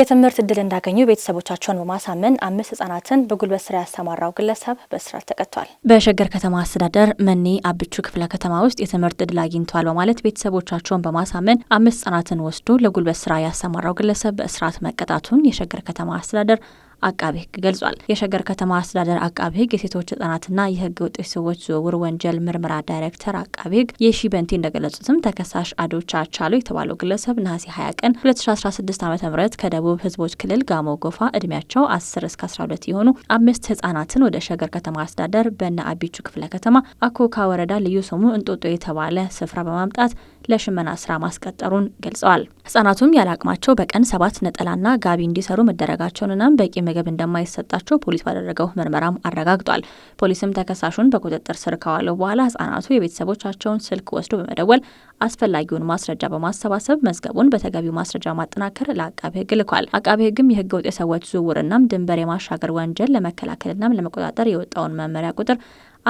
የትምህርት እድል እንዳገኙ ቤተሰቦቻቸውን በማሳመን አምስት ህጻናትን በጉልበት ስራ ያሰማራው ግለሰብ በእስራት ተቀጥቷል። በሸገር ከተማ አስተዳደር መኔ አብቹ ክፍለ ከተማ ውስጥ የትምህርት እድል አግኝቷል በማለት ቤተሰቦቻቸውን በማሳመን አምስት ህጻናትን ወስዶ ለጉልበት ስራ ያሰማራው ግለሰብ በእስራት መቀጣቱን የሸገር ከተማ አስተዳደር አቃቢ ህግ ገልጿል። የሸገር ከተማ አስተዳደር አቃቢ ህግ የሴቶች ህጻናትና የህገ ወጥ ሰዎች ዝውውር ወንጀል ምርመራ ዳይሬክተር አቃቢ ህግ የሺ በንቲ እንደገለጹትም ተከሳሽ አዶቻ አቻሉ የተባለው ግለሰብ ነሐሴ 20 ቀን 2016 ዓ ም ከደቡብ ህዝቦች ክልል ጋሞ ጎፋ እድሜያቸው 10 እስከ 12 የሆኑ አምስት ህጻናትን ወደ ሸገር ከተማ አስተዳደር በነ አቢቹ ክፍለ ከተማ አኮካ ወረዳ ልዩ ስሙ እንጦጦ የተባለ ስፍራ በማምጣት ለሽመና ስራ ማስቀጠሩን ገልጸዋል። ህጻናቱም ያለ አቅማቸው በቀን ሰባት ነጠላና ጋቢ እንዲሰሩ መደረጋቸውንና በቂ ምግብ እንደማይሰጣቸው ፖሊስ ባደረገው ምርመራም አረጋግጧል። ፖሊስም ተከሳሹን በቁጥጥር ስር ካዋለው በኋላ ህጻናቱ የቤተሰቦቻቸውን ስልክ ወስዶ በመደወል አስፈላጊውን ማስረጃ በማሰባሰብ መዝገቡን በተገቢው ማስረጃ ማጠናከር ለአቃቢ ህግ ልኳል። አቃቤ ህግም የህገ ወጥ የሰዎች ዝውውርናም ድንበር የማሻገር ወንጀል ለመከላከልና ለመቆጣጠር የወጣውን መመሪያ ቁጥር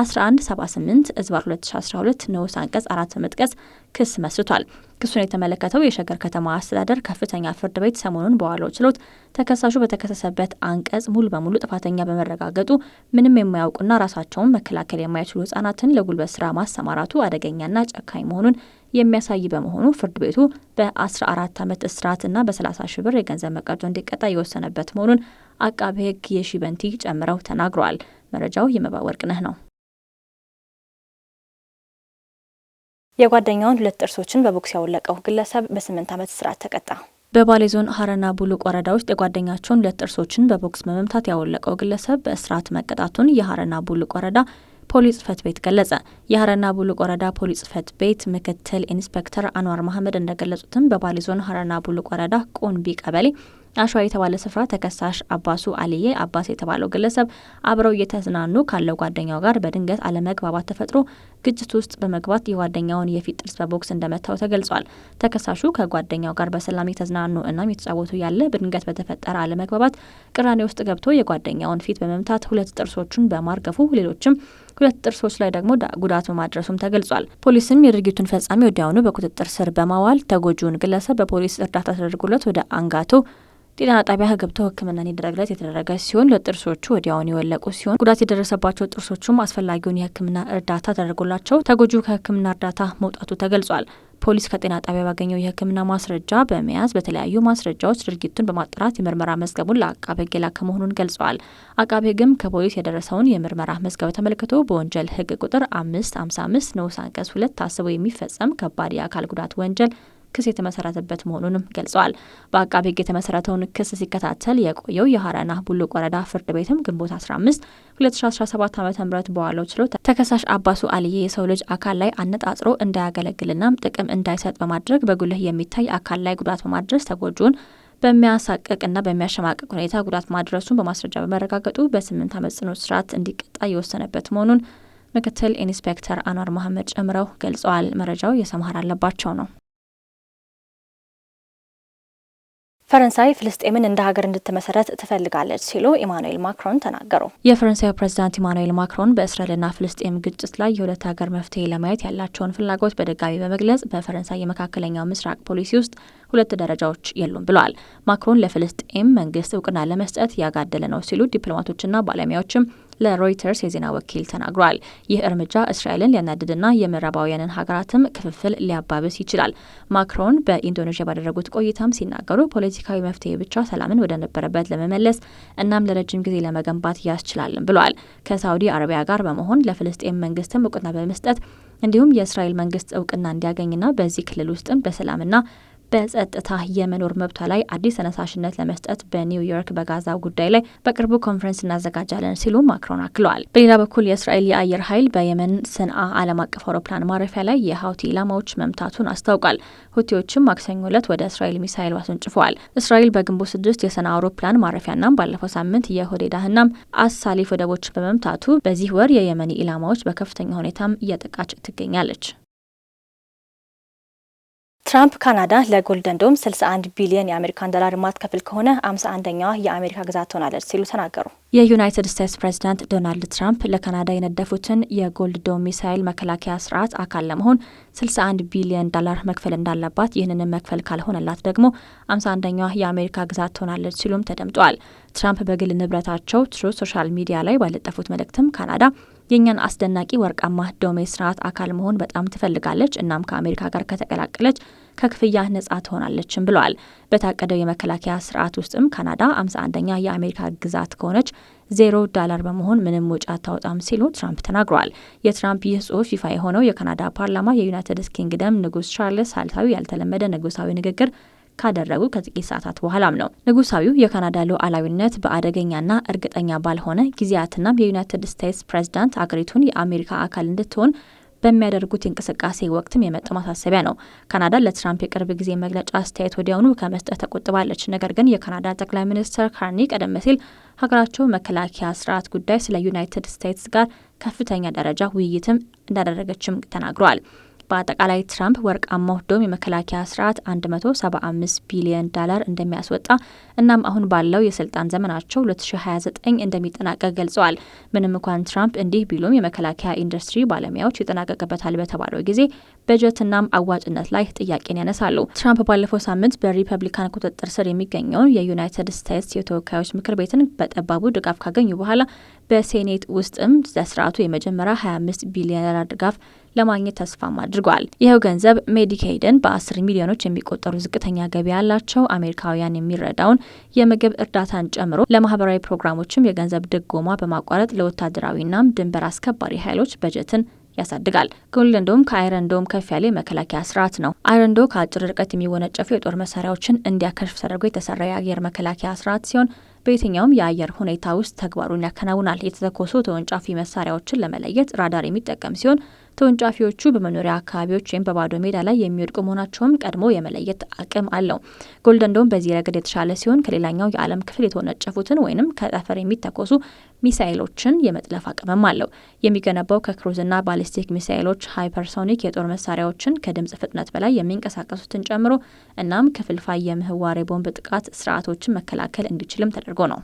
1178 እዝባር 2012 ንዑስ አንቀጽ አራት በመጥቀስ ክስ መስርቷል። ክሱን የተመለከተው የሸገር ከተማ አስተዳደር ከፍተኛ ፍርድ ቤት ሰሞኑን በዋለው ችሎት ተከሳሹ በተከሰሰበት አንቀጽ ሙሉ በሙሉ ጥፋተኛ በመረጋገጡ ምንም የማያውቁና ራሳቸውን መከላከል የማይችሉ ህጻናትን ለጉልበት ስራ ማሰማራቱ አደገኛና ጨካኝ መሆኑን የሚያሳይ በመሆኑ ፍርድ ቤቱ በ14 ዓመት እስራትና በ30 ሺ ብር የገንዘብ መቀጮ እንዲቀጣ የወሰነበት መሆኑን አቃቤ ህግ የሺ በንቲ ጨምረው ተናግረዋል። መረጃው የመባ ወርቅነህ ነው። የጓደኛውን ሁለት ጥርሶችን በቦክስ ያወለቀው ግለሰብ በስምንት ዓመት እስራት ተቀጣ። በባሌ ዞን ሀረና ቡሉቅ ወረዳ ውስጥ የጓደኛቸውን ሁለት ጥርሶችን በቦክስ በመምታት ያወለቀው ግለሰብ በእስራት መቀጣቱን የሀረና ቡሉቅ ወረዳ ፖሊስ ጽፈት ቤት ገለጸ። የሀረና ቡሉቅ ወረዳ ፖሊስ ጽፈት ቤት ምክትል ኢንስፔክተር አንዋር መሀመድ እንደገለጹትም በባሌ ዞን ሀረና ቡሉቅ ወረዳ ቆንቢ ቀበሌ አሸዋ የተባለ ስፍራ ተከሳሽ አባሱ አልዬ አባስ የተባለው ግለሰብ አብረው እየተዝናኑ ካለው ጓደኛው ጋር በድንገት አለመግባባት ተፈጥሮ ግጭት ውስጥ በመግባት የጓደኛውን የፊት ጥርስ በቦክስ እንደመታው ተገልጿል። ተከሳሹ ከጓደኛው ጋር በሰላም የተዝናኑ እናም የተጫወቱ ያለ በድንገት በተፈጠረ አለመግባባት ቅራኔ ውስጥ ገብቶ የጓደኛውን ፊት በመምታት ሁለት ጥርሶቹን በማርገፉ ሌሎችም ሁለት ጥርሶች ላይ ደግሞ ጉዳት በማድረሱም ተገልጿል። ፖሊስም የድርጊቱን ፈጻሚ ወዲያውኑ በቁጥጥር ስር በማዋል ተጎጂውን ግለሰብ በፖሊስ እርዳታ ተደርጎለት ወደ አንጋቶ ጤና ጣቢያ ገብተው ሕክምናን ይደረግለት የተደረገ ሲሆን ለጥርሶቹ ወዲያውን የወለቁ ሲሆን ጉዳት የደረሰባቸው ጥርሶቹም አስፈላጊውን የሕክምና እርዳታ ተደርጎላቸው ተጎጂው ከሕክምና እርዳታ መውጣቱ ተገልጿል። ፖሊስ ከጤና ጣቢያ ባገኘው የህክምና ማስረጃ በመያዝ በተለያዩ ማስረጃዎች ድርጊቱን በማጣራት የምርመራ መዝገቡን ለአቃቤ ሕግ የላከ መሆኑን ገልጸዋል። አቃቤ ከፖሊስ የደረሰውን የምርመራ መዝገብ ተመልክቶ በወንጀል ህግ ቁጥር አምስት አምሳ አምስት ንዑስ አንቀጽ ሁለት ታስቦ የሚፈጸም ከባድ የአካል ጉዳት ወንጀል ክስ የተመሰረተበት መሆኑንም ገልጸዋል። በአቃቤ ሕግ የተመሰረተውን ክስ ሲከታተል የቆየው የሀረና ቡሉቅ ወረዳ ፍርድ ቤትም ግንቦት 15 2017 ዓ ም በዋለው ችሎት ተከሳሽ አባሱ አልዬ የሰው ልጅ አካል ላይ አነጣጥሮ እንዳያገለግልናም ጥቅም እንዳይሰጥ በማድረግ በጉልህ የሚታይ አካል ላይ ጉዳት በማድረስ ተጎጂውን በሚያሳቅቅና በሚያሸማቅቅ ሁኔታ ጉዳት ማድረሱን በማስረጃ በመረጋገጡ በስምንት ዓመት ጽኑ እስራት እንዲቀጣ የወሰነበት መሆኑን ምክትል ኢንስፔክተር አኗር መሀመድ ጨምረው ገልጸዋል። መረጃው የሰማር አለባቸው ነው። ፈረንሳይ ፍልስጤምን እንደ ሀገር እንድትመሰረት ትፈልጋለች ሲሉ ኢማኑኤል ማክሮን ተናገሩ። የፈረንሳዩ ፕሬዚዳንት ኢማኑኤል ማክሮን በእስራኤልና ፍልስጤም ግጭት ላይ የሁለት ሀገር መፍትሄ ለማየት ያላቸውን ፍላጎት በድጋሚ በመግለጽ በፈረንሳይ የመካከለኛው ምስራቅ ፖሊሲ ውስጥ ሁለት ደረጃዎች የሉም ብለዋል። ማክሮን ለፍልስጤም መንግስት እውቅና ለመስጠት ያጋደለ ነው ሲሉ ዲፕሎማቶችና ባለሙያዎችም ለሮይተርስ የዜና ወኪል ተናግሯል። ይህ እርምጃ እስራኤልን ሊያናድድና የምዕራባውያንን ሀገራትም ክፍፍል ሊያባብስ ይችላል። ማክሮን በኢንዶኔዥያ ባደረጉት ቆይታም ሲናገሩ ፖለቲካዊ መፍትሄ ብቻ ሰላምን ወደ ነበረበት ለመመለስ እናም ለረጅም ጊዜ ለመገንባት ያስችላልም ብለዋል። ከሳውዲ አረቢያ ጋር በመሆን ለፍልስጤም መንግስትም እውቅና በመስጠት እንዲሁም የእስራኤል መንግስት እውቅና እንዲያገኝና በዚህ ክልል ውስጥም በሰላምና በጸጥታ የመኖር መብቷ ላይ አዲስ ተነሳሽነት ለመስጠት በኒውዮርክ በጋዛ ጉዳይ ላይ በቅርቡ ኮንፈረንስ እናዘጋጃለን ሲሉ ማክሮን አክለዋል። በሌላ በኩል የእስራኤል የአየር ኃይል በየመን ሰንዓ ዓለም አቀፍ አውሮፕላን ማረፊያ ላይ የሀውቲ ኢላማዎች መምታቱን አስታውቋል። ሁቲዎችም ማክሰኞ ዕለት ወደ እስራኤል ሚሳይል አስወንጭፈዋል። እስራኤል በግንቦት ስድስት የሰንዓ አውሮፕላን ማረፊያና ባለፈው ሳምንት የሆዴዳህና አሳሊፍ ወደቦች በመምታቱ በዚህ ወር የየመኒ ኢላማዎች በከፍተኛ ሁኔታም እየጠቃች ትገኛለች። ትራምፕ ካናዳ ለጎልደን ዶም 61 ቢሊዮን የአሜሪካን ዶላር ማትከፍል ከሆነ 51ኛዋ የአሜሪካ ግዛት ትሆናለች ሲሉ ተናገሩ። የዩናይትድ ስቴትስ ፕሬዚዳንት ዶናልድ ትራምፕ ለካናዳ የነደፉትን የጎልድ ዶም ሚሳይል መከላከያ ስርዓት አካል ለመሆን 61 ቢሊዮን ዶላር መክፈል እንዳለባት፣ ይህንንም መክፈል ካልሆነላት ደግሞ 51ኛዋ የአሜሪካ ግዛት ትሆናለች ሲሉም ተደምጠዋል። ትራምፕ በግል ንብረታቸው ትሩ ሶሻል ሚዲያ ላይ ባለጠፉት መልእክትም ካናዳ የእኛን አስደናቂ ወርቃማ ዶሜ ስርዓት አካል መሆን በጣም ትፈልጋለች እናም ከአሜሪካ ጋር ከተቀላቀለች ከክፍያ ነጻ ትሆናለችም ብለዋል። በታቀደው የመከላከያ ስርዓት ውስጥም ካናዳ አምሳ አንደኛ የአሜሪካ ግዛት ከሆነች ዜሮ ዳላር በመሆን ምንም ወጪ አታወጣም ሲሉ ትራምፕ ተናግረዋል። የትራምፕ ይህ ጽሁፍ ይፋ የሆነው የካናዳ ፓርላማ የዩናይትድ ኪንግደም ንጉስ ቻርልስ ሳልሳዊ ያልተለመደ ንጉሳዊ ንግግር ካደረጉ ከጥቂት ሰዓታት በኋላም ነው። ንጉሳዊው የካናዳ ሉዓላዊነት በአደገኛና እርግጠኛ ባልሆነ ጊዜያትናም የዩናይትድ ስቴትስ ፕሬዚዳንት አገሪቱን የአሜሪካ አካል እንድትሆን በሚያደርጉት እንቅስቃሴ ወቅትም የመጡ ማሳሰቢያ ነው። ካናዳ ለትራምፕ የቅርብ ጊዜ መግለጫ አስተያየት ወዲያውኑ ከመስጠት ተቆጥባለች። ነገር ግን የካናዳ ጠቅላይ ሚኒስትር ካርኒ ቀደም ሲል ሀገራቸው መከላከያ ስርዓት ጉዳይ ስለ ዩናይትድ ስቴትስ ጋር ከፍተኛ ደረጃ ውይይትም እንዳደረገችም ተናግረዋል። በአጠቃላይ ትራምፕ ወርቃማው ዶም የመከላከያ ስርዓት 175 ቢሊዮን ዳላር እንደሚያስወጣ እናም አሁን ባለው የስልጣን ዘመናቸው 2029 እንደሚጠናቀቅ ገልጸዋል። ምንም እንኳን ትራምፕ እንዲህ ቢሉም የመከላከያ ኢንዱስትሪ ባለሙያዎች ይጠናቀቅበታል በተባለው ጊዜ በጀትናም አዋጭነት ላይ ጥያቄን ያነሳሉ። ትራምፕ ባለፈው ሳምንት በሪፐብሊካን ቁጥጥር ስር የሚገኘውን የዩናይትድ ስቴትስ የተወካዮች ምክር ቤትን በጠባቡ ድጋፍ ካገኙ በኋላ በሴኔት ውስጥም ለስርዓቱ የመጀመሪያ 25 ቢሊዮን ዳላር ድጋፍ ለማግኘት ተስፋም አድርጓል። ይኸው ገንዘብ ሜዲኬይድን በአስር ሚሊዮኖች የሚቆጠሩ ዝቅተኛ ገቢ ያላቸው አሜሪካውያን የሚረዳውን የምግብ እርዳታን ጨምሮ ለማህበራዊ ፕሮግራሞችም የገንዘብ ድጎማ በማቋረጥ ለወታደራዊናም ድንበር አስከባሪ ኃይሎች በጀትን ያሳድጋል። ግንለንዶም ከአይረንዶም ከፍ ያለ የመከላከያ ስርዓት ነው። አይረንዶ ከአጭር ርቀት የሚወነጨፉ የጦር መሳሪያዎችን እንዲያከሽፍ ተደርጎ የተሰራ የአየር መከላከያ ስርዓት ሲሆን በየትኛውም የአየር ሁኔታ ውስጥ ተግባሩን ያከናውናል። የተተኮሱ ተወንጫፊ መሳሪያዎችን ለመለየት ራዳር የሚጠቀም ሲሆን ተወንጫፊዎቹ በመኖሪያ አካባቢዎች ወይም በባዶ ሜዳ ላይ የሚወድቁ መሆናቸውም ቀድሞ የመለየት አቅም አለው። ጎልደንዶም በዚህ ረገድ የተሻለ ሲሆን ከሌላኛው የዓለም ክፍል የተወነጨፉትን ወይም ከጠፈር የሚተኮሱ ሚሳይሎችን የመጥለፍ አቅምም አለው። የሚገነባው ከክሩዝና ባሊስቲክ ሚሳይሎች፣ ሃይፐርሶኒክ የጦር መሳሪያዎችን፣ ከድምጽ ፍጥነት በላይ የሚንቀሳቀሱትን ጨምሮ እናም ክፍልፋይ የምህዋሬ ቦምብ ጥቃት ስርዓቶችን መከላከል እንዲችልም ተደርጎ ነው።